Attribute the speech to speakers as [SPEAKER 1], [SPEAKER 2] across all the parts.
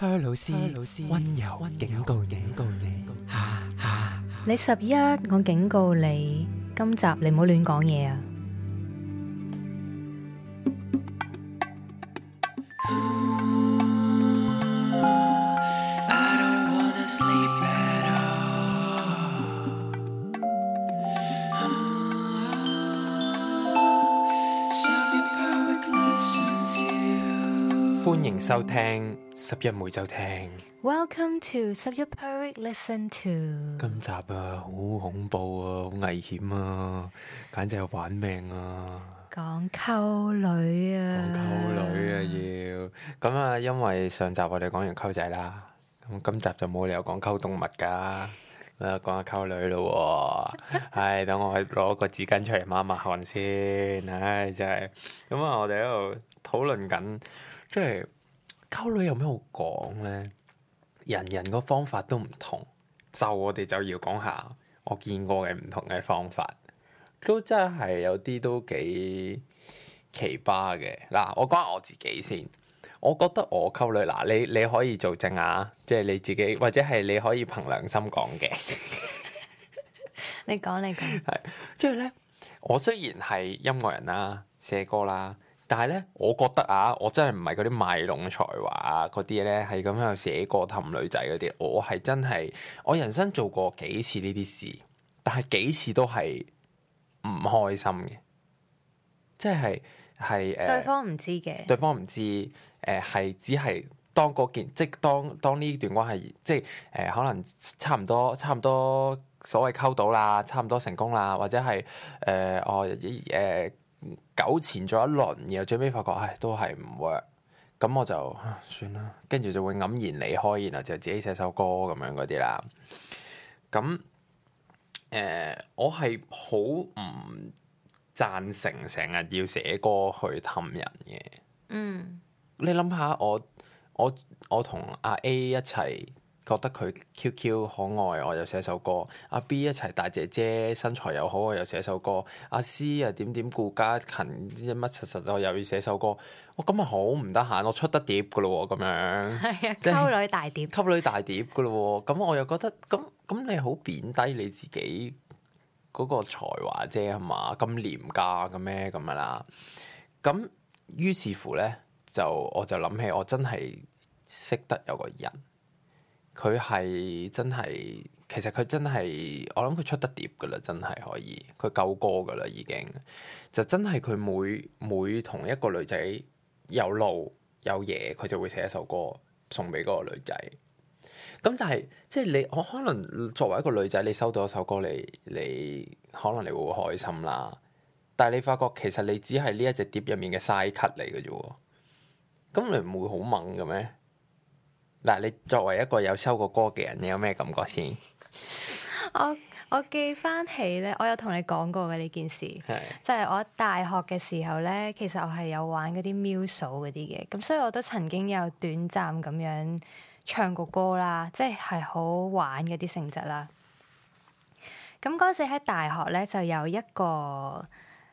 [SPEAKER 1] hello 崔老師溫呵柔溫警告你：吓吓！
[SPEAKER 2] 你十一，我警告你，今集你唔好亂講嘢啊！
[SPEAKER 1] 收聽十一每週聽。
[SPEAKER 2] Welcome to 十一 poetic listen to。
[SPEAKER 1] 今集啊，好恐怖啊，好危險啊，簡直係玩命啊！
[SPEAKER 2] 講溝女啊，講溝女啊
[SPEAKER 1] 要。咁啊，因為上集我哋講完溝仔啦，咁今集就冇理由講溝動物噶，誒，講下溝女咯。唉，等我去攞個紙巾出嚟抹抹汗先。唉，真係。咁啊，我哋喺度討論緊，即係。溝女有咩好講咧？人人個方法都唔同，就我哋就要講下我見過嘅唔同嘅方法，都真係有啲都幾奇葩嘅。嗱，我講下我自己先，我覺得我溝女嗱，你你可以做證啊，即係你自己或者係你可以憑良心講嘅 。
[SPEAKER 2] 你講，你講，係即係咧。
[SPEAKER 1] 我雖然係音樂人啦，寫歌啦。但係咧，我覺得啊，我真係唔係嗰啲賣弄才華啊，嗰啲咧係咁樣寫過氹女仔嗰啲。我係真係，我人生做過幾次呢啲事，但係幾次都係唔開心嘅。即係係誒，對
[SPEAKER 2] 方唔知嘅，對
[SPEAKER 1] 方唔知誒，係只係當嗰件，即係當當呢段關係，即係誒、呃，可能差唔多，差唔多所謂溝到啦，差唔多成功啦，或者係誒我誒。呃哦呃糾纏咗一輪，然後最尾發覺，唉，都係唔 work，咁我就算啦。跟住就會黯然離開，然後就自己寫首歌咁樣嗰啲啦。咁誒、呃，我係好唔贊成成日要寫歌去氹人嘅。嗯，你諗下，我我我同阿 A 一齊。覺得佢 Q Q 可愛，我又寫首歌。阿 B 一齊大姐姐，身材又好，我又寫首歌。阿 C 又、啊、點點顧家勤，乜乜實實我又要寫首歌。我咁咪好唔得閒，我出得碟噶咯咁樣。
[SPEAKER 2] 係啊，溝女
[SPEAKER 1] 大碟，溝女大碟噶咯。咁我又覺得咁咁，你好貶低你自己嗰個才華啫，係嘛？咁廉價嘅咩咁啊啦？咁於是乎咧，就我就諗起我真係識得有個人。佢係真係，其實佢真係，我諗佢出得碟噶啦，真係可以，佢夠歌噶啦，已經就真係佢每每同一個女仔有路有嘢，佢就會寫一首歌送畀嗰個女仔。咁但係即係你，我可能作為一個女仔，你收到一首歌嚟，你，你可能你會開心啦。但係你發覺其實你只係呢一隻碟入面嘅 side cut 嚟嘅啫，咁你唔會好猛嘅咩？嗱，你作為一個有收過歌嘅人，你有咩感覺先 ？
[SPEAKER 2] 我我記翻起咧，我有同你講過嘅呢件事，即係是我大學嘅時候咧，其實我係有玩嗰啲 music 嗰啲嘅，咁所以我都曾經有短暫咁樣唱過歌啦，即係係好玩嗰啲性質啦。咁嗰陣時喺大學咧，就有一個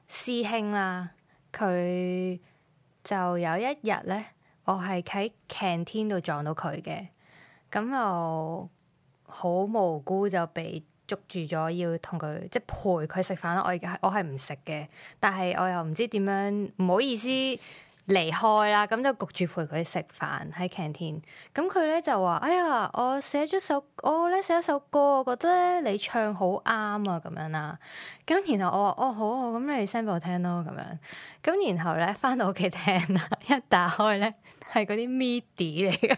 [SPEAKER 2] 師兄啦，佢就有一日咧。我係喺 canteen 度撞到佢嘅，咁又好無辜就被捉住咗，要同佢即係陪佢食飯啦。我而家我係唔食嘅，但係我又唔知點樣，唔好意思。離開啦，咁就焗住陪佢食飯喺 canteen。咁佢咧就話：哎呀，我寫咗首，我咧寫一首歌，我覺得咧你唱好啱啊，咁樣啦。咁然後我話：哦，好啊，咁你 send 俾我聽咯，咁樣。咁然後咧返到屋企聽啦，一打開咧係嗰啲 midi 嚟嘅。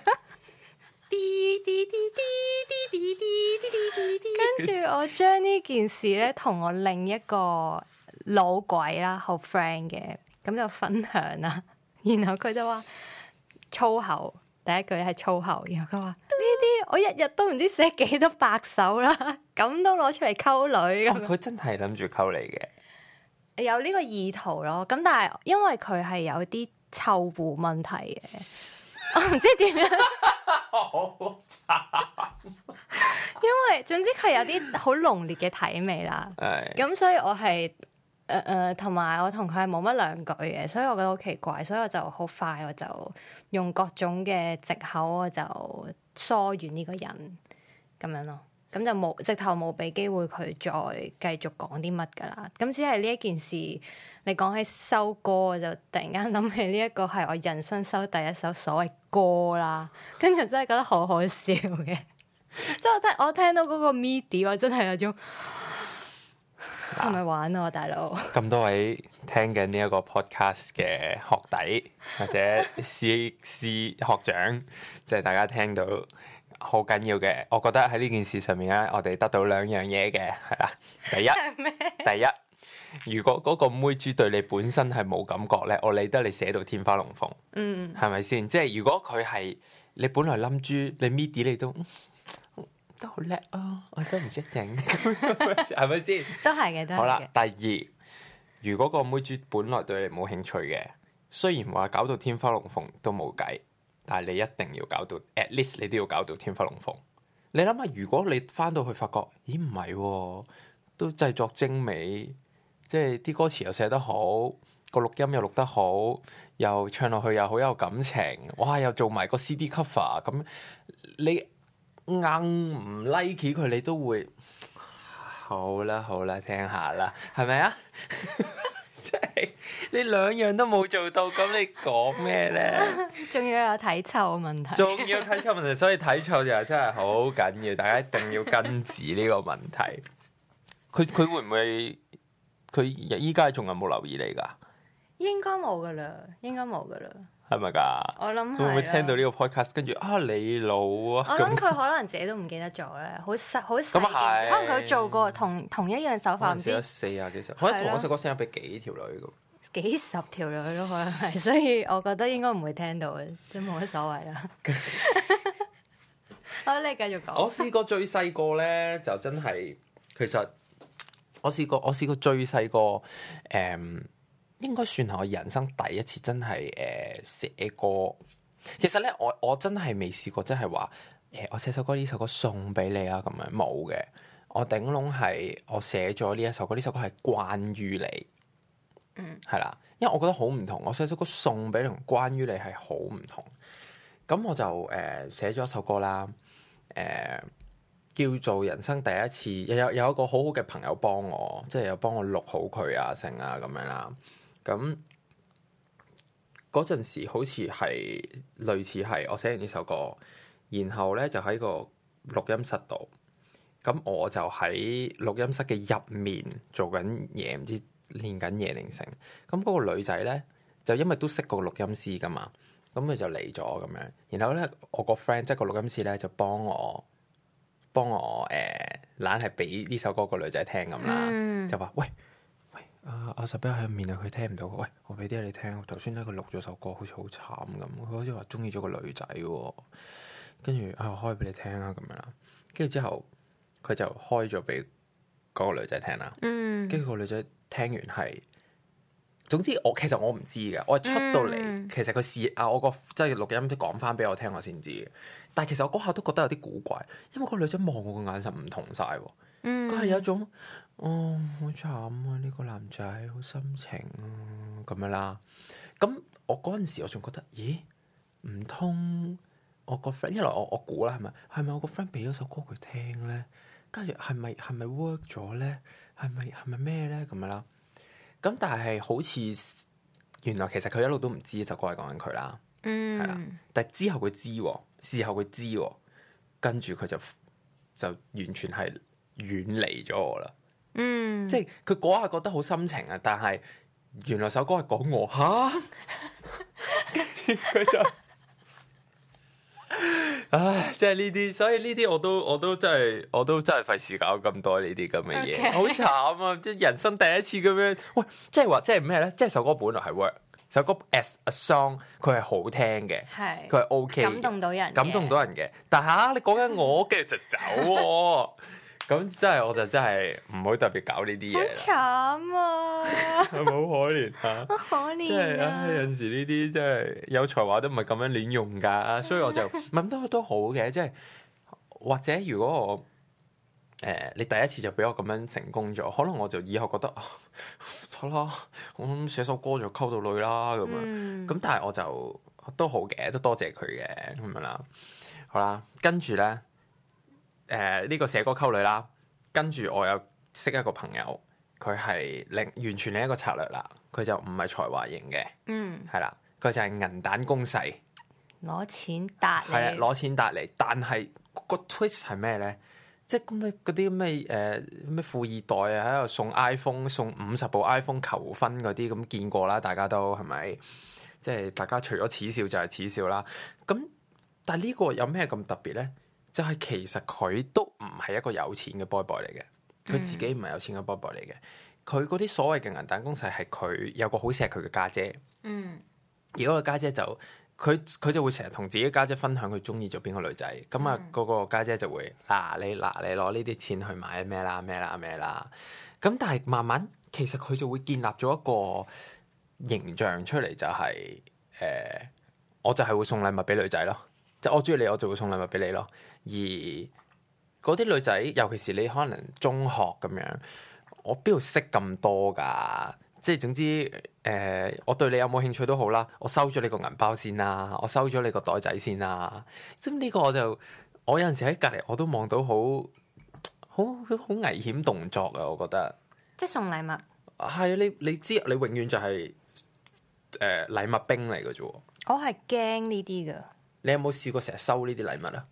[SPEAKER 2] 跟住我將呢件事咧同我另一個老鬼啦好 friend 嘅，咁就分享啦。然後佢就話粗口，第一句係粗口，然後佢話，呢啲我一日都唔知寫幾多百首啦，咁都攞出嚟溝女咁。佢、哦、
[SPEAKER 1] 真係諗住溝你嘅，
[SPEAKER 2] 有呢個意圖咯。咁但係因為佢係有啲臭狐問題嘅，我唔知點樣。因為總之佢有啲好濃烈嘅體味啦。係的，咁所以我係。誒誒，同埋、呃、我同佢係冇乜兩句嘅，所以我覺得好奇怪，所以我就好快我就用各種嘅藉口，我就疏遠呢個人咁樣咯，咁就冇直頭冇俾機會佢再繼續講啲乜噶啦。咁只係呢一件事，你講起收歌，我就突然間諗起呢一個係我人生收第一首所謂歌啦，跟住真係覺得好好笑嘅，即 係我聽我聽到嗰個 MIDI，我真係有種。係咪玩啊，大佬？
[SPEAKER 1] 咁多位聽緊呢一個 podcast 嘅學弟或者 C C 學長，即係大家聽到好緊要嘅。我覺得喺呢件事上面咧，我哋得到兩樣嘢嘅，係啦。第一，第一，如果嗰個妹豬對你本身係冇感覺咧，我理得你寫到天花龍鳳，嗯，係咪先？即係如果佢係你本來冧住，你咪啲你都。都好叻啊！我都唔識整，係咪先？
[SPEAKER 2] 都係嘅，都係。好啦，
[SPEAKER 1] 第二，如果個妹主本來對你冇興趣嘅，雖然話搞到天花龍鳳都冇計，但係你一定要搞到 at least，你都要搞到天花龍鳳。你諗下，如果你翻到去發覺，咦，唔係喎，都製作精美，即係啲歌詞又寫得好，個錄音又錄得好，又唱落去又好有感情，哇！又做埋個 CD cover 咁，你～硬唔 like 佢，你都會好啦，好啦，聽下啦，係咪啊？即 係、就是、你兩樣都冇做到，咁你講咩咧？
[SPEAKER 2] 仲要有體臭問題，仲要有體
[SPEAKER 1] 臭問題， 所以體臭就真係好緊要， 大家一定要根治呢個問題。佢佢 會唔會佢依家仲有冇留意你噶？
[SPEAKER 2] 應該冇噶啦，應該冇噶啦。
[SPEAKER 1] 係咪噶？是是我諗會唔會聽到呢個 podcast？跟住啊，你老啊！我諗佢
[SPEAKER 2] 可能自己都唔記得咗咧，好十好十，是可能佢做過同同一樣手法，唔知
[SPEAKER 1] 四啊幾十，是吧 可能同我細個聲俾幾條女咁，
[SPEAKER 2] 幾十條女咯，可能係，所以我覺得應該唔會聽到嘅，即冇乜所謂啦。 好，你繼續講。我
[SPEAKER 1] 試過最細個咧，就真係，其實我試過，我試過最細個誒。嗯應該算係我人生第一次真係誒寫歌。其實咧，我我真係未試過，即係話誒我寫首歌呢首歌送俾你啊咁樣冇嘅。我頂籠係我寫咗呢一首歌，呢首歌係、啊、關於你。嗯，係啦，因為我覺得好唔同。我寫首歌送俾你同關於你係好唔同。咁我就誒寫咗一首歌啦。誒、呃、叫做人生第一次，又有有一個好好嘅朋友幫我，即係有幫我錄好佢啊成啊咁樣啦。咁嗰陣時好似係類似係我寫完呢首歌，然後咧就喺個錄音室度。咁我就喺錄音室嘅入面做緊嘢，唔知練緊嘢靈性。咁、那、嗰個女仔咧就因為都識過錄、就是、個錄音師噶嘛，咁佢就嚟咗咁樣。然後咧我個 friend 即係個錄音師咧就幫我幫我誒攬係俾呢首歌個女仔聽咁啦，嗯、就話喂。阿阿十一喺面啊，佢、啊、聽唔到。喂，我俾啲你聽。頭先咧，佢錄咗首歌，好似好慘咁。佢好似話中意咗個女仔、哦。跟住我開俾你聽啦，咁樣啦。跟住之後，佢就開咗俾嗰個女仔聽啦。嗯，跟住個女仔聽完係，總之我其實我唔知嘅。我係出到嚟，嗯、其實佢試啊，我個即係錄音都講翻俾我聽，我先知。但係其實我嗰下都覺得有啲古怪，因為個女仔望我個眼神唔同晒。嗯，佢係有一種。嗯哦，好慘啊！呢個男仔好深情啊，咁樣啦。咁我嗰陣時，我仲覺得，咦？唔通我個 friend，因為我我估啦，係咪係咪我個 friend 俾咗首歌佢聽咧？跟住係咪係咪 work 咗咧？係咪係咪咩咧？咁樣啦。咁但係好似原來其實佢一路都唔知，就過嚟講緊佢啦。嗯，係啦。但係之後佢知，事後佢知，跟住佢就就完全係遠離咗我啦。嗯，即係佢嗰下覺得好深情啊，但係原來首歌係講我吓，
[SPEAKER 2] 跟住
[SPEAKER 1] 佢就，唉，即係呢啲，所以呢啲我都我都真係我都真係費事搞咁多呢啲咁嘅嘢，好慘啊！即係人生第一次咁樣，喂，即係話即係咩咧？即係首歌本來係 work，首歌 as a song 佢係好聽嘅，係佢係 OK，感動到人，感動到人嘅，但係啊你講緊我，跟住就走。咁真係，我就真係唔好特別搞呢啲嘢。好
[SPEAKER 2] 慘啊！
[SPEAKER 1] 係咪好可憐啊？
[SPEAKER 2] 好 可憐啊！即係 有
[SPEAKER 1] 時呢啲，真係有才華都唔係咁樣亂用噶。所以我就問 都都好嘅，即係或者如果我誒、呃、你第一次就俾我咁樣成功咗，可能我就以後覺得錯啦。我、嗯、寫首歌就溝到女啦咁樣。咁、嗯、但係我就都好嘅，都多謝佢嘅咁樣啦。好啦，跟住咧。誒，呢、呃呢個寫歌溝女啦，跟住我又識一個朋友，佢係另完全另一個策略啦，佢就唔係才華型嘅，嗯，係啦，佢就係銀彈攻勢，
[SPEAKER 2] 攞錢搭，係啊，攞
[SPEAKER 1] 錢搭嚟，但係、嗰個 twist 係咩咧？即係咁咩嗰啲咩誒咩富二代啊，喺度送 iPhone 送五十部 iPhone 求婚嗰啲咁見過啦，大家都係咪？即係大家除咗恥笑就係恥笑啦。咁但係呢個有咩咁特別咧？就係其實佢都唔係一個有錢嘅 boy boy 嚟嘅，佢自己唔係有錢嘅 boy boy 嚟嘅，佢嗰啲所謂嘅銀彈攻勢係佢有個好錫佢嘅家姐，
[SPEAKER 2] 嗯，
[SPEAKER 1] 而嗰個家姐就佢佢就會成日同自己家姐分享佢中意咗邊個女仔，咁啊嗰個家姐就會嗱、你嗱、你攞呢啲錢去買咩啦咩啦咩啦，咁但係慢慢其實佢就會建立咗一個形象出嚟，就係誒，我就係會送禮物俾女仔咯，即係我中意你，我就會送禮物俾你咯。而嗰啲女仔，尤其是你可能中學咁樣，我邊度識咁多噶？即係總之，誒、呃，我對你有冇興趣都好啦，我收咗你個銀包先啦，我收咗你個袋仔先啦。咁呢個我就，我有陣時喺隔籬我都望到好好好危險動作噶！我覺得即係送禮物，係、哎、你你知，你永遠就係誒禮物兵嚟嘅啫。
[SPEAKER 2] 我係驚呢啲噶，
[SPEAKER 1] 你有冇試過成日收呢啲禮物啊？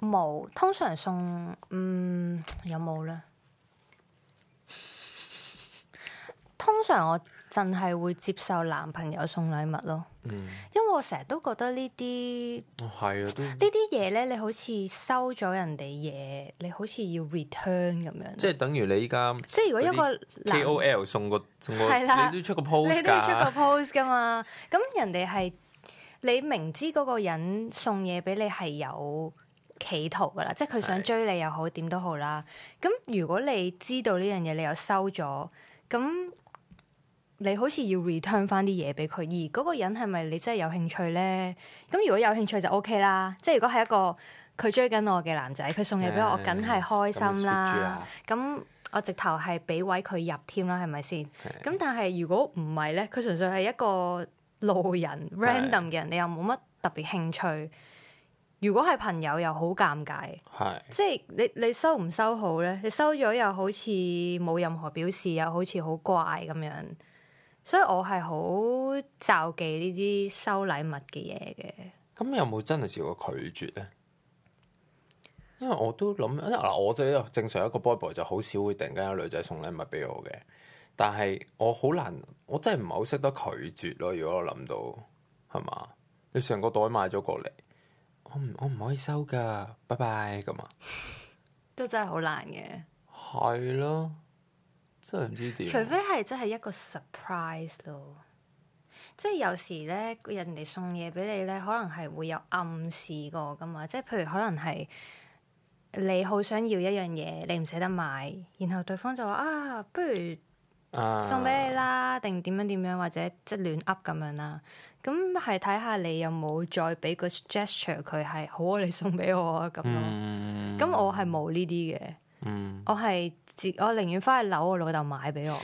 [SPEAKER 2] 冇，通常送，嗯，有冇咧？通常我真係會接受男朋友送禮物咯，嗯，因為我成日都覺得呢啲係啊，都呢啲呢啲嘢咧，你好似收咗人哋嘢，你好似要 return 咁樣，即係
[SPEAKER 1] 等於你依家，即係如果一個 KOL 送個送個，啊、你都出個 post 噶，你都出個
[SPEAKER 2] post 噶嘛？咁 人哋係你明知嗰個人送嘢俾你係有。企圖，噶啦，即係佢想追你又好，點都好啦。咁如果你知道呢樣嘢，你又收咗，咁你好似要 return 翻啲嘢俾佢。而嗰個人係咪你真係有興趣咧？咁如果有興趣就 OK 啦。即係如果係一個佢追緊我嘅男仔，佢送嘢俾我，我梗係開心啦。咁、yes, 我直頭係俾位佢入添啦，係咪先？咁是的 但係如果唔係咧，佢純粹係一個路人是的 random 嘅人，你又冇乜特別興趣。如果係朋友又好尷尬，係是即係你你收唔收好咧？你收咗又好似冇任何表示，又好似好怪咁樣，所以我係好棹忌呢啲收禮物嘅嘢嘅。咁
[SPEAKER 1] 有冇真係試過拒絕咧？因為我都諗嗱，因為我即正常一個 boyboy boy 就好少會突然間有女仔送禮物俾我嘅。但係我好難，我真係唔係好識得拒絕咯。如果我諗到係嘛，你成個袋買咗過嚟。我唔我唔可以收噶，拜拜咁啊！
[SPEAKER 2] 都真係好難嘅。係咯，
[SPEAKER 1] 真係唔知點。除非
[SPEAKER 2] 係真係一個 surprise 咯，即係有時咧，人哋送嘢俾你咧，可能係會有暗示過噶嘛。即係譬如可能係你好想要一樣嘢，你唔捨得買，然後對方就話啊，不如送俾你啦，定點樣、啊、點樣，或者即係亂噏咁樣啦。咁係睇下你有冇再俾個 gesture 佢係好啊，你送俾我啊咁咯。咁、嗯、我係冇呢啲嘅，我係自我寧願翻去扭我老豆買俾我，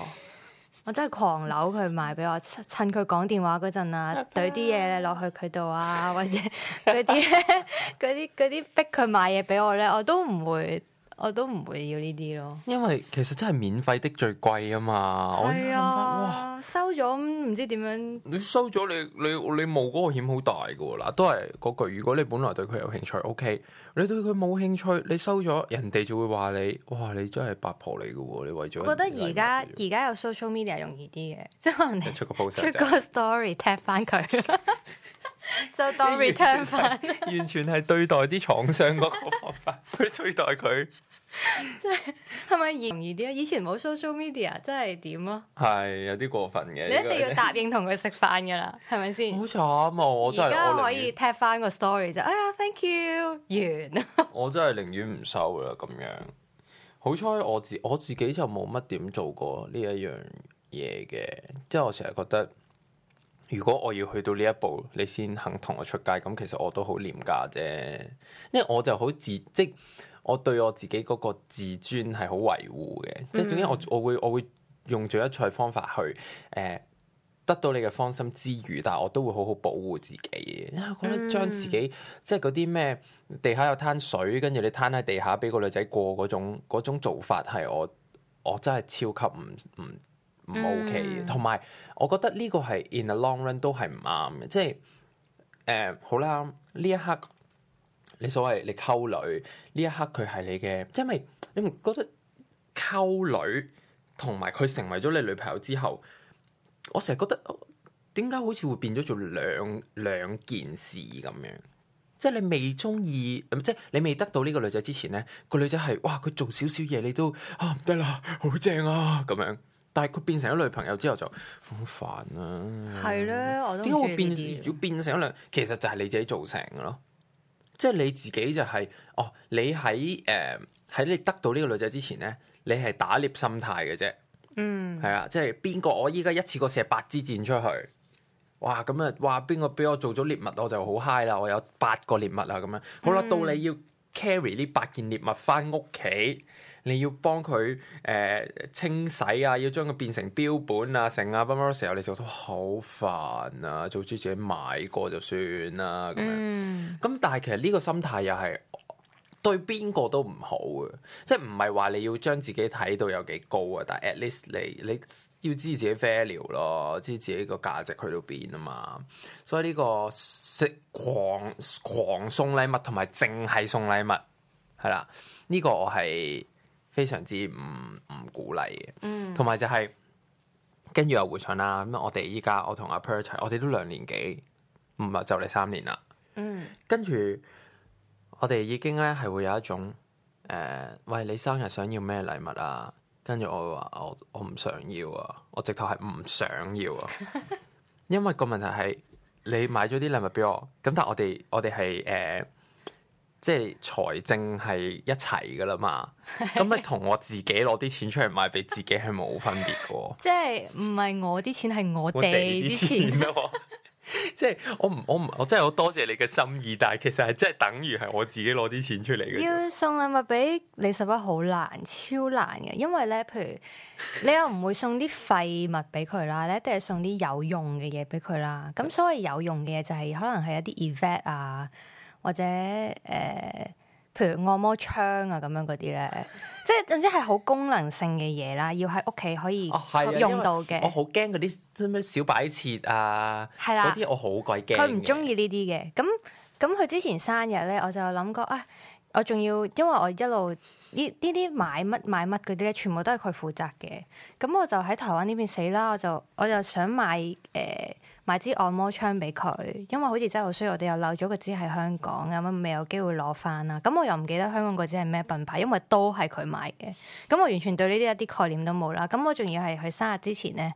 [SPEAKER 2] 我真係狂扭佢買俾我，趁佢講電話嗰陣啊，懟啲嘢落去佢度啊，或者嗰啲啲啲逼佢買嘢俾我咧，我都唔會。我都唔會要呢啲咯，
[SPEAKER 1] 因為其實真係免費的最貴啊嘛！係啊，我哇
[SPEAKER 2] 收咗唔知點樣？
[SPEAKER 1] 你收咗你你你冒嗰個險好大嘅喎，嗱都係嗰句，如果你本來對佢有興趣，OK；你對佢冇興趣，你收咗，人哋就會話你，哇！你真係八婆嚟嘅喎，你為咗覺得而
[SPEAKER 2] 家而家有 social media 容易啲嘅，
[SPEAKER 1] 即係可能你出個 post 後出個
[SPEAKER 2] story，tap 翻佢。 就當 return 返，
[SPEAKER 1] 完全係 對待啲廠商嗰個方法去 對待佢，
[SPEAKER 2] 即係係咪容易啲啊？以前冇 social media，真係點咯？
[SPEAKER 1] 係有啲過分嘅，你一定要答
[SPEAKER 2] 應同佢食飯噶啦，係咪先？
[SPEAKER 1] 好慘啊！我真係而家可以
[SPEAKER 2] 踢翻個 story 就，哎呀，thank you 完。
[SPEAKER 1] 我真係寧願唔收啦，咁樣好彩我自我自己就冇乜點做過呢一樣嘢嘅，即係我成日覺得。如果我要去到呢一步，你先肯同我出街，咁其實我都好廉價啫，因為我就好自，即我對我自己嗰個自尊係好維護嘅，嗯、即係總之我我會我會用盡一切方法去誒得到你嘅芳心之餘，但係我都會好好保護自己。啊，因為覺得將自己、嗯、即係嗰啲咩地下有攤水，跟住你攤喺地下俾個女仔過嗰種，種做法係我我真係超級唔唔～唔 OK 嘅，同埋、嗯、我覺得呢個係 in a long run 都係唔啱嘅，即係誒好啦，呢一刻你所謂你溝女呢一刻佢係你嘅。即係，因為你唔覺得溝女同埋佢成為咗你女朋友之後，我成日覺得點解好似會變咗做兩兩件事咁樣，即係你未中意，即係你未得到呢個女仔之前咧，個女仔係哇，佢做少少嘢你都啊唔得啦，好正啊咁樣。但係佢變成咗女朋友之後就好煩啊。係
[SPEAKER 2] 咧，我都點解會變
[SPEAKER 1] 要變成咗兩？其實就係你自己造成嘅咯。即係你自己就係、是、哦，你喺誒喺你得到呢個女仔之前咧，你係打獵心態嘅啫。嗯，係啊，即係邊個？我依家一次過射八支箭出去，哇！咁啊，哇！邊個俾我做咗獵物，我就好嗨 i 啦！我有八個獵物啊，咁樣好啦。嗯、到你要 carry 呢八件獵物翻屋企。你要幫佢誒、呃、清洗啊，要將佢變成標本啊，成啊，乜乜時候你就得好煩啊！早知自己買過就算啦、啊、咁、嗯、樣。咁但係其實呢個心態又係對邊個都唔好嘅，即係唔係話你要將自己睇到有幾高啊？但係 at least 你你要知自己 value 咯，知自己個價值去到邊啊嘛。所以呢、呢個識狂狂禮送禮物同埋淨係送禮物係啦，呢、呢個我係。非常之唔唔鼓勵嘅，同埋、嗯、就係、是、跟住又回想啦。咁我哋依家我同阿 Per 我哋都兩年幾，唔係就嚟三年啦。嗯，跟住我哋已經咧係會有一種誒，喂、呃、你生日想要咩禮物啊？跟住我會話我我唔想要啊，我直頭係唔想要啊， 因為個問題係你買咗啲禮物俾我，咁但係我哋我哋係誒。呃即係財政係一齊噶啦嘛，咁咪同我自己攞啲錢出嚟買俾自己係冇分別噶。
[SPEAKER 2] 即係唔係我啲錢係我哋啲錢咯。
[SPEAKER 1] 即係我唔我唔我真係好多謝你嘅心意，但係其實係真係等於係我自己攞啲錢出嚟嘅。要
[SPEAKER 2] 送禮物俾你實在好難，超難嘅，因為咧，譬如你又唔會送啲廢物俾佢啦，你 一定係送啲有用嘅嘢俾佢啦。咁所謂有用嘅嘢就係可能係一啲 event 啊。或者誒、呃，譬如按摩槍啊，咁樣嗰啲咧， 即係總之係好功能性嘅嘢啦，要喺屋企可以用到嘅。哦啊、我好
[SPEAKER 1] 驚嗰啲咩小擺設啊，嗰啲、啊、我好鬼驚。佢唔中
[SPEAKER 2] 意呢啲嘅，咁咁佢之前生日咧，我就諗過啊，我仲要，因為我一路呢呢啲買乜買乜嗰啲咧，全部都係佢負責嘅。咁我就喺台灣呢邊死啦，我就我就想買誒。呃買支按摩槍俾佢，因為好似真係好衰，我哋又漏咗個支喺香港，咁樣未有機會攞翻啦。咁我又唔記得香港嗰支係咩品牌，因為都係佢買嘅。咁我完全對呢啲一啲概念都冇啦。咁我仲要係佢生日之前咧，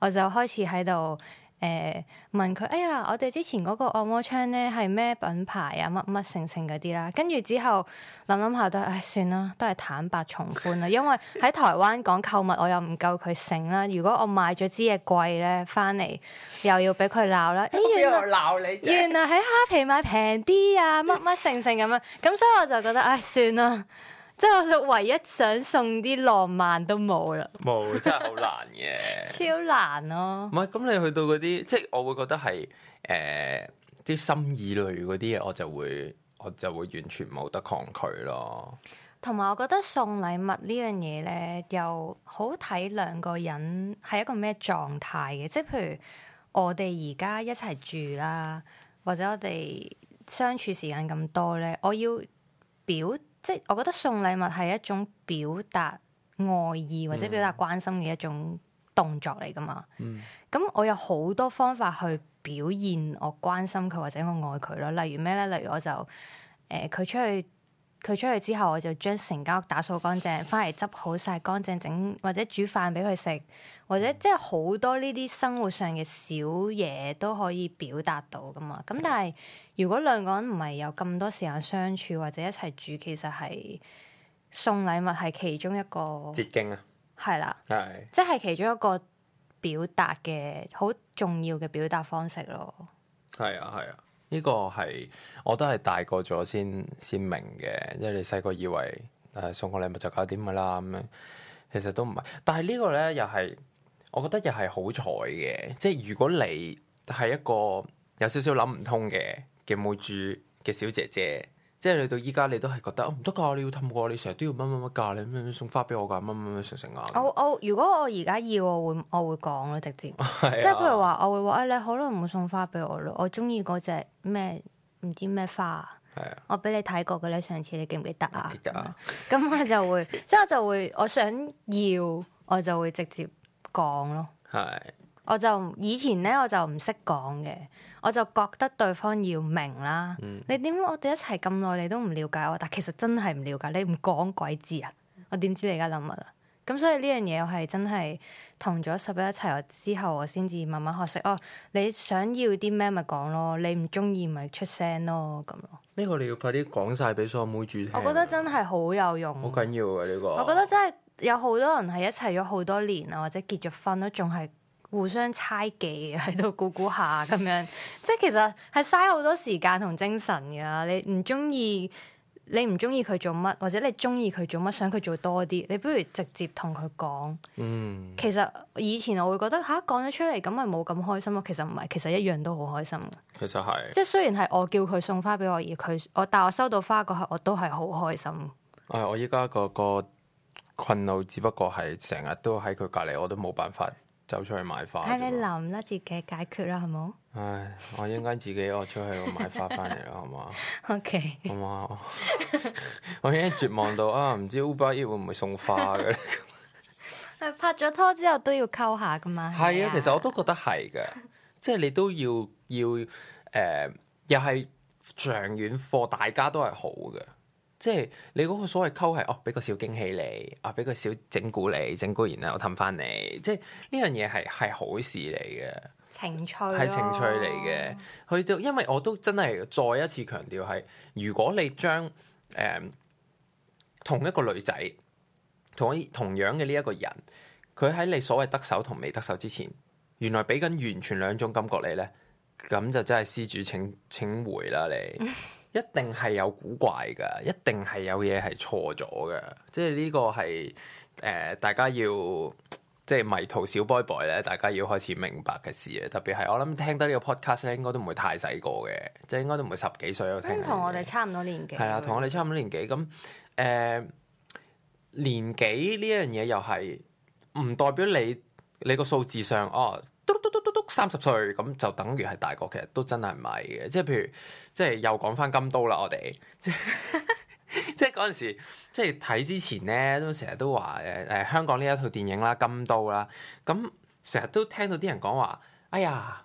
[SPEAKER 2] 我就開始喺度。誒、呃、問佢，哎呀，我哋之前嗰個按摩槍咧係咩品牌啊？乜乜成成嗰啲啦，跟住之後諗諗下都，唉、哎，算啦，都係坦白從寬啦。因為喺台灣講購物，我又唔夠佢醒啦。如果我買咗支嘢貴咧，翻嚟又要俾佢鬧啦。邊度鬧你？原來喺蝦皮買平啲啊，乜乜成成咁樣。咁所以我就覺得，唉、哎，算啦。即係我唯一想送啲浪漫都冇啦，
[SPEAKER 1] 冇，真係好難嘅，
[SPEAKER 2] 超難咯、哦。
[SPEAKER 1] 唔係咁，你去到嗰啲，即係我會覺得係誒啲心意類嗰啲嘢，我就會我就會完全冇得抗拒咯。
[SPEAKER 2] 同埋我覺得送禮物呢樣嘢咧，又好睇兩個人係一個咩狀態嘅。即係譬如我哋而家一齊住啦，或者我哋相處時間咁多咧，我要表。即係，我覺得送禮物係一種表達愛意或者表達關心嘅一種動作嚟㗎嘛。咁、嗯、我有好多方法去表現我關心佢或者我愛佢咯。例如咩咧？例如我就誒，佢、呃、出去。佢出去之後，我就將成間屋打掃乾淨，翻嚟執好晒乾淨，整或者煮飯俾佢食，或者即係好多呢啲生活上嘅小嘢都可以表達到噶嘛。咁但係如果兩個人唔係有咁多時間相處或者一齊住，其實係送禮物係其中一個捷徑啊，係啦，係即係其中一個表達嘅好重要嘅表達方式咯。
[SPEAKER 1] 係啊，係啊。呢個係我都係大個咗先先明嘅。因為你細個以為誒、呃、送個禮物就搞掂㗎啦咁樣，其實都唔係。但係呢個咧又係，我覺得又係好彩嘅，即係如果你係一個有少少諗唔通嘅嘅妹主嘅小姐姐。即係你到依家，你都係覺得唔得噶，你要氹我，你成日都要乜乜乜噶，你乜乜送花俾我噶，乜乜乜成成啊！我
[SPEAKER 2] 我如果我而家要，我會我會講咯，直接，啊、即係譬如話，我會話、哎，你好耐冇送花俾我咯，我中意嗰隻咩唔知咩花，啊、我俾你睇過嘅咧，上次你記唔記得啊？記得啊！咁我就會， 即係我就會，我想要，我就會直接講咯。係。我就以前咧，我就唔識講嘅。我就覺得對方要明啦。嗯、你點解我哋一齊咁耐，你都唔了解我，但其實真係唔了解。你唔講鬼知啊！我點知你而家諗乜啊？咁所以呢樣嘢我係真係同咗十一一齊之後，我先至慢慢學識哦。你想要啲咩咪講咯，你唔中意咪出聲咯，咁咯。
[SPEAKER 1] 呢個你要快啲講晒俾所有妹住先。我覺得
[SPEAKER 2] 真係好有用，
[SPEAKER 1] 好緊要嘅呢、這個。我覺得
[SPEAKER 2] 真係有好多人係一齊咗好多年啊，或者結咗婚都仲係互相猜忌喺度估估下咁樣，即係其實係嘥好多時間同精神㗎。你唔中意，你唔中意佢做乜，或者你中意佢做乜，想佢做多啲，你不如直接同佢講。嗯，其實以前我會覺得吓講咗出嚟咁咪冇咁開心咯。其實唔係，其實一樣都好開心。
[SPEAKER 1] 其實係，即係雖
[SPEAKER 2] 然係我叫佢送花俾我而佢我，但我收到花個刻我都係好開心。誒、
[SPEAKER 1] 哎，我依家、嗰個、嗰個困難只不過係成日都喺佢隔籬，我都冇辦法。走出去買花，係你
[SPEAKER 2] 諗啦自己解決啦好冇？
[SPEAKER 1] 唉，我應該自己我出去買花翻嚟啦， 好嘛？O K，好嘛吧？ 我已經絕望到啊，唔知 Uber 會唔會送花嘅咧？
[SPEAKER 2] 係 拍咗拖之後都要溝下噶嘛？係 啊，其實我都
[SPEAKER 1] 覺得係嘅，即、就、係、是、你都要要誒、呃，又係長遠貨，大家都係好嘅。即係你嗰個所謂溝係哦，俾個小驚喜你，啊俾個小整蠱你，整蠱完咧我氹翻你，即係呢樣嘢係係好事嚟嘅，
[SPEAKER 2] 情趣係、哦、情趣嚟嘅，
[SPEAKER 1] 去到，因為我都真係再一次強調，係如果你將誒、嗯、同一個女仔同一同樣嘅呢一個人，佢喺你所謂得手同未得手之前，原來俾緊完全兩種感覺你咧，咁就真係施主請請回啦你。 一定係有古怪噶，一定係有嘢係錯咗噶，即係呢個係誒大家要即係迷途小 boy boy 咧，大家要開始明白嘅事啊！特別係我諗聽得呢個 podcast 咧，應該都唔會太細個嘅，即係應該都唔會十幾歲喺度聽。咁同我
[SPEAKER 2] 哋差唔多年紀，係啦，同我
[SPEAKER 1] 哋差唔多年紀。咁誒年紀呢樣嘢又係唔代表你你個數字上啊。三十歲咁就等於係大個，其實都真係唔係嘅。即係譬如，即係又講翻《金都》啦，我哋即係嗰陣時，即係睇之前咧都成日都話誒誒香港呢一套電影啦，《金都》啦。咁成日都聽到啲人講話，哎呀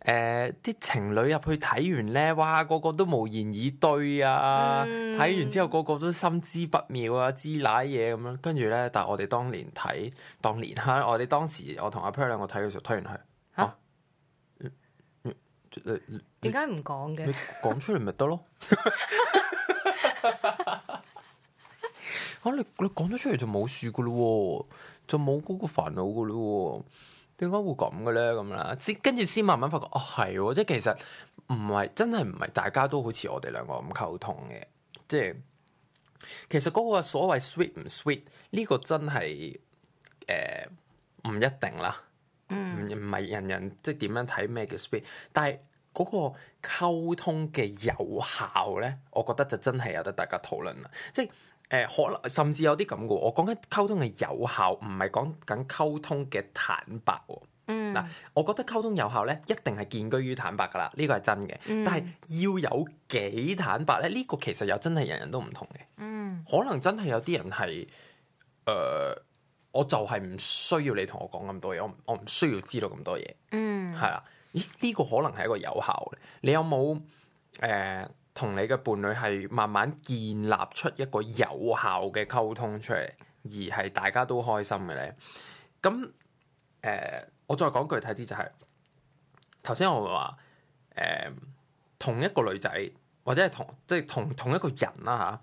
[SPEAKER 1] 誒啲、呃、情侶入去睇完咧，哇個個都無言以對啊！睇、嗯、完之後個個都心知不妙啊，知奶嘢咁樣。跟住咧，但係我哋當年睇，當年嚇、啊、我哋當時我同阿 Per 兩個睇嘅時候，推完去。點解唔講嘅？你講出嚟咪得咯。啊，你你講咗出嚟就冇事噶咯，就冇嗰個煩惱噶咯。點解會咁嘅咧？咁啦，先跟住先慢慢發覺，哦、啊、係，即係其實唔係真係唔係大家都好似我哋兩個咁溝通嘅，即係其實嗰個所謂 sweet 唔 sweet 呢個真係誒唔一定啦。唔唔係人人即係點樣睇咩嘅 speed，但係嗰個溝通嘅有效咧，我覺得就真係有得大家討論啦。即係誒，可、呃、能甚至有啲咁嘅。我講緊溝通嘅有效，唔係講緊溝通嘅坦白。嗯，嗱、啊，我覺得溝通有效咧，一定係建基於坦白噶啦，呢、這個係真嘅。但係要有幾坦白咧，呢、這個其實又真係人人都唔同嘅。嗯，可能真係有啲人係誒。呃我就係唔需要你同我講咁多嘢，我我唔需要知道咁多嘢，係啦、嗯。咦？呢、這個可能係一個有效嘅。你有冇誒、呃、同你嘅伴侶係慢慢建立出一個有效嘅溝通出嚟，而係大家都開心嘅咧？咁誒、呃，我再講具體啲就係、是，頭先我話誒、呃、同一個女仔或者係同即係同同一個人啦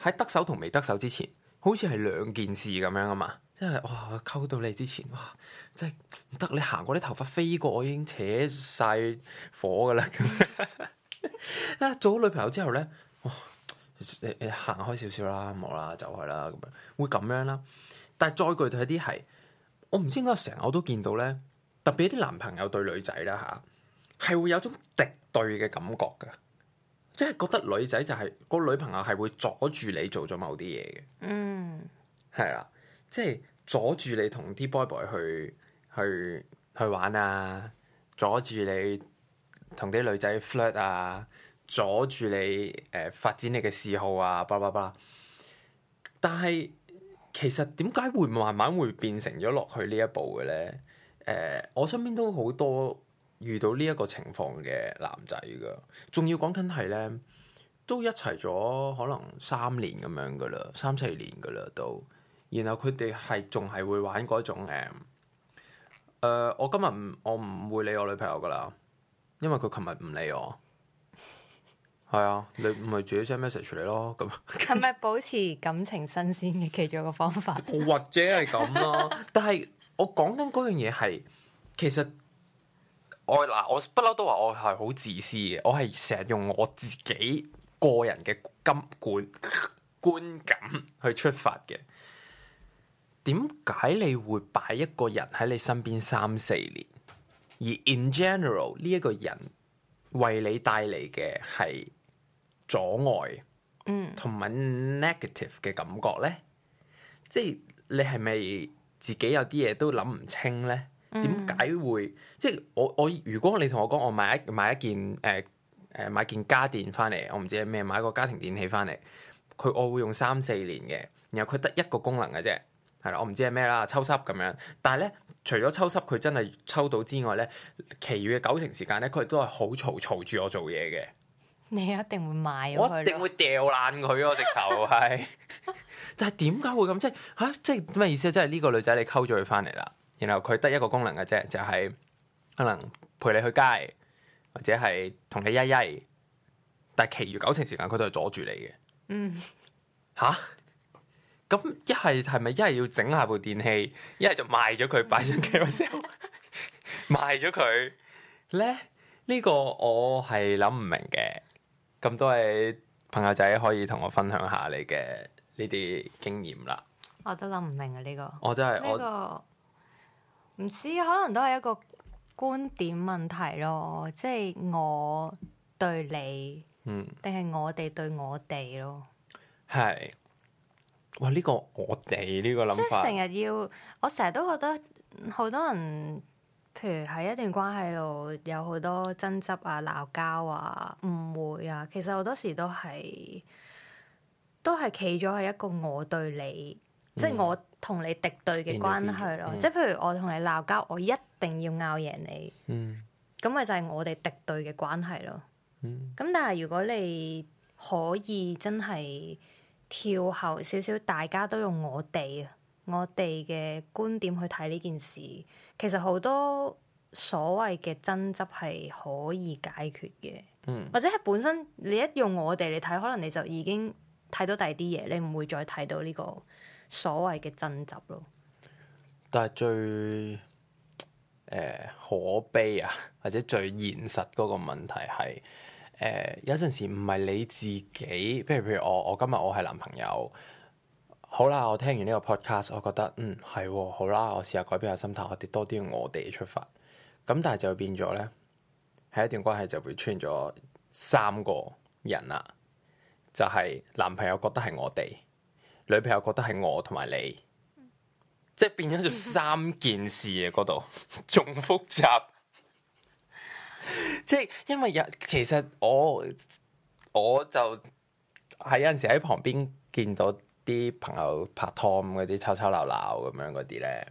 [SPEAKER 1] 吓，喺得手同未得手之前，好似係兩件事咁樣啊嘛。因為哇，溝、哦、到你之前哇，真係唔得你，你行過啲頭髮飛過，我已經扯晒火噶啦。咁啊，做咗女朋友之後咧，哇、哦，你你行開少少啦，冇啦，走開啦，咁樣會咁樣啦。但係再具體啲係，我唔知點解成日我都見到咧，特別啲男朋友對女仔啦吓，係、啊、會有種敵對嘅感覺噶，即、就、係、是、覺得女仔就係、是那個女朋友係會阻住你做咗某啲嘢嘅。嗯，係啦。即係阻住你同啲 boyboy 去去去玩啊，阻住你同啲女仔 flirt 啊，阻住你誒、呃、發展你嘅嗜好啊，巴拉巴拉。但係其實點解會慢慢會變成咗落去呢一步嘅咧？誒、呃，我身邊都好多遇到呢一個情況嘅男仔噶，仲要講緊係，咧，都一齊咗可能三年咁樣噶啦，三四年噶啦都。然後佢哋係仲係會玩嗰種誒、呃，我今日唔我唔會理我女朋友噶啦，因為佢琴日唔理我係 啊，你唔係自己 send message 嚟咯？咁係
[SPEAKER 2] 咪保持感情新鮮嘅其中一個方法？ 或
[SPEAKER 1] 者係咁啦，但係我講緊嗰樣嘢係其實我嗱，我不嬲都話我係好自私嘅，我係成日用我自己個人嘅金管觀，觀感去出發嘅。點解你會擺一個人喺你身邊三四年？而 in general 呢，一個人為你帶嚟嘅係阻礙，嗯，同埋 negative 嘅感覺咧，即係你係咪自己有啲嘢都諗唔清咧？
[SPEAKER 2] 點解、嗯、
[SPEAKER 1] 會即係我我如果你同我講，我買一買一件誒誒、呃、買件家電翻嚟，我唔知係咩買個家庭電器翻嚟，佢我會用三四年嘅，然後佢得一個功能嘅啫。係啦，我唔知係咩啦，抽濕咁樣。但係咧，除咗抽濕佢真係抽到之外咧，其餘嘅九成時間咧，佢都係好嘈嘈住我做嘢嘅。
[SPEAKER 2] 你一定會買，我一定會掉
[SPEAKER 1] 爛佢咯，直頭係。
[SPEAKER 2] 就係點解會咁？
[SPEAKER 1] 即係吓，即係咩意思？即係呢個女仔你溝咗佢翻嚟啦。然後佢得一個功能嘅啫，就係可能陪你去街，或者係同你曳曳。但係其餘九成時間佢都係阻住你嘅。嗯，吓？咁一係係咪一係要整下部電器，一係 就賣咗佢擺上街嗰時，賣咗佢咧？呢、這個我係諗唔明嘅。咁多位朋友仔可以同我分享下你嘅呢啲經驗啦。
[SPEAKER 2] 我都諗唔明啊呢、這個。我真係呢個我唔知，可能都係一個觀點問題咯。即、就、係、是、我對你，嗯，定係我哋對我哋咯，
[SPEAKER 1] 係。哇！呢個我哋呢個諗法，即成日
[SPEAKER 2] 要，我成日都覺得好多人，譬如喺一段關係度有好多爭執啊、鬧交啊、誤會啊，其實好多時都係都係企咗係一個我對你，嗯、即係我同你敵對嘅關係咯。嗯、即係譬如我同你鬧交，我一定要拗贏你，咁咪、嗯、就係我哋敵對嘅關係咯。咁、嗯、但係如果你可以真係。跳後少少，大家都用我哋啊，我哋嘅觀點去睇呢件事，其實好多所謂嘅爭執係可以解決嘅，嗯，或者係本身你一用我哋嚟睇，可能你就已經睇到第二啲嘢，你唔會再睇到呢個所謂嘅爭執咯。
[SPEAKER 1] 但係最誒、呃、可悲啊，或者最現實嗰個問題係。呃、有陣時唔係你自己，譬如譬如我，我今日我係男朋友，好啦，我聽完呢個 podcast，我覺得嗯係，好啦，我試下改變下心態，我哋多啲用我哋出發，咁但係就會變咗呢，喺一段關係就會出現咗三個人啦，就係、是、男朋友覺得係我哋，女朋友覺得係我同埋你， 即係變咗做三件事嘅嗰度，仲複雜。即係因為有其實我我就喺有陣時喺旁邊見到啲朋友拍拖咁嗰啲吵吵鬧鬧咁樣嗰啲咧，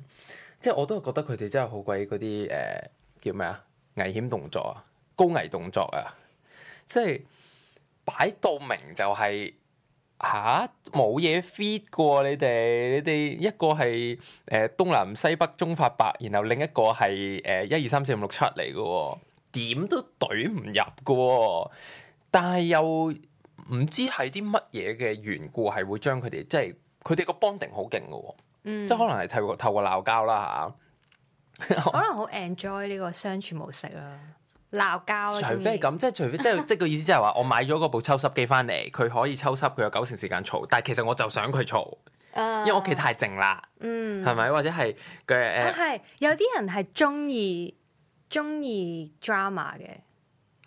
[SPEAKER 1] 即係我都係覺得佢哋真係好鬼嗰啲誒叫咩啊危險動作啊高危動作啊，即係擺到明就係吓冇嘢 fit 過你哋，你哋一個係誒、呃、東南西北中發白，然後另一個係誒一二三四五六七嚟㗎。呃 1, 2, 3, 4, 5, 6, 點都懟唔入嘅，但係又唔知係啲乜嘢嘅緣故，係會將佢哋即係佢哋個 bonding 好勁嘅，即係可能係透過透過鬧交啦吓，
[SPEAKER 2] 可能好 enjoy 呢個相處模式啦，鬧交除，除非係
[SPEAKER 1] 咁，即係除非即係即係個意思，即係話我買咗嗰部抽濕機翻嚟，佢可以抽濕，佢有九成時間嘈，但係其實我就想佢嘈，
[SPEAKER 2] 因為屋企太靜啦，係
[SPEAKER 1] 咪？ 或者係佢誒，係 Whew. 噦
[SPEAKER 2] 有啲人係中意。中意 drama 嘅，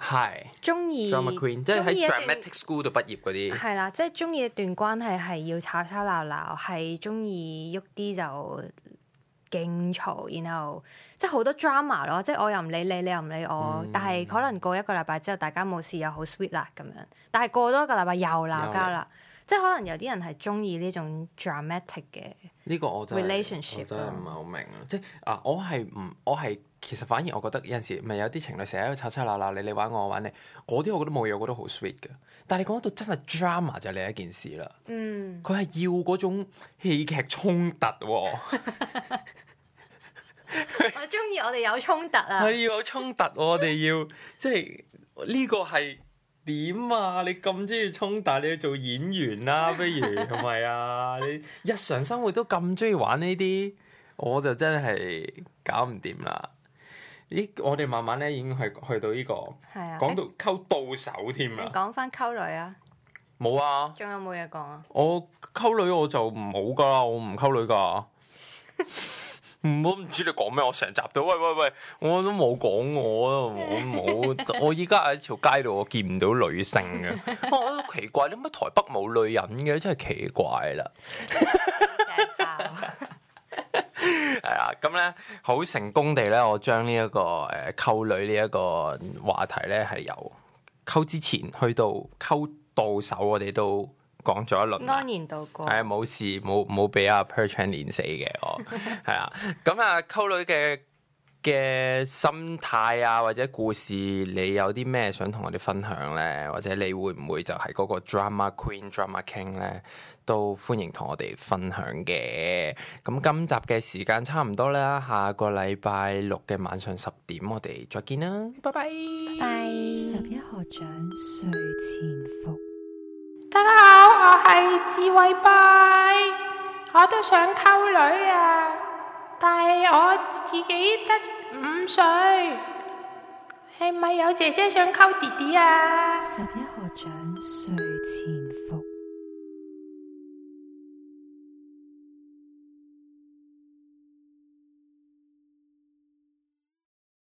[SPEAKER 1] 係中意 drama queen，< 喜歡 S 2> 即係喺 dramatic school 度畢業嗰啲，係
[SPEAKER 2] 啦，即係中意一段關係係要吵吵鬧鬧，係中意喐啲就勁嘈，然後即係好多 drama 咯，即係我又唔理你，你又唔理我，嗯、但係可能過一個禮拜之後，大家冇事又好 sweet 啦咁樣，但係過多一個禮拜又鬧交啦，有即係可能有啲人係中意呢種 dramatic 嘅。
[SPEAKER 1] 呢個我真係真係唔係好明，即係啊！我係唔我係其實反而我覺得有陣時咪有啲情侶成日喺度吵吵鬧鬧，你你玩我，我玩你，嗰啲我覺得冇嘢，我覺得好 sweet 嘅。但係你講到真係 drama 就另一件事啦。嗯，佢係要嗰種戲劇衝突喎。我
[SPEAKER 2] 中意我哋有衝突啊！我要有衝
[SPEAKER 1] 突，我哋要即係呢個係。點啊！你咁中意衝，但你要做演員啦、啊，如 是不如同埋啊！你日常生活都咁中意玩呢啲，我就真係搞唔掂啦。咦！我哋慢慢咧，已經係去，去到呢、這個，係啊，講到溝到手添啊。
[SPEAKER 2] 講翻溝女啊！
[SPEAKER 1] 冇啊！
[SPEAKER 2] 仲有冇嘢講啊？
[SPEAKER 1] 我溝女我就唔好噶啦，我唔溝女噶。 唔，我唔知你講咩，我成集都喂喂喂，我都冇講，我我冇，我依家喺條街度，我見唔到女性嘅，我都奇怪，點解台北冇女人嘅，真係奇怪啦。係啊，咁咧好成功地咧、這個，我將呢一個誒溝女呢一個話題咧，係由溝之前去到溝到手，我哋都。講咗一輪啊！
[SPEAKER 2] 安然度過，係啊，哎，
[SPEAKER 1] 冇事，冇冇俾阿 Perchian 連死嘅我，係啊。 咁啊，溝女嘅嘅心態啊，或者故事，你有啲咩想同我哋分享咧？或者你會唔會就係嗰個 Drama Queen、Drama King 咧？都歡迎同我哋分享嘅。咁今集嘅時間差唔多啦，下個禮拜六嘅晚上十點，我哋再見啦，
[SPEAKER 2] 拜拜，拜拜。十一學長睡前福。大家好，我係智慧 boy，我都
[SPEAKER 1] 想溝女啊，但係我自己得五歲，係咪有姐姐想溝弟弟啊？十
[SPEAKER 2] 一歲。歲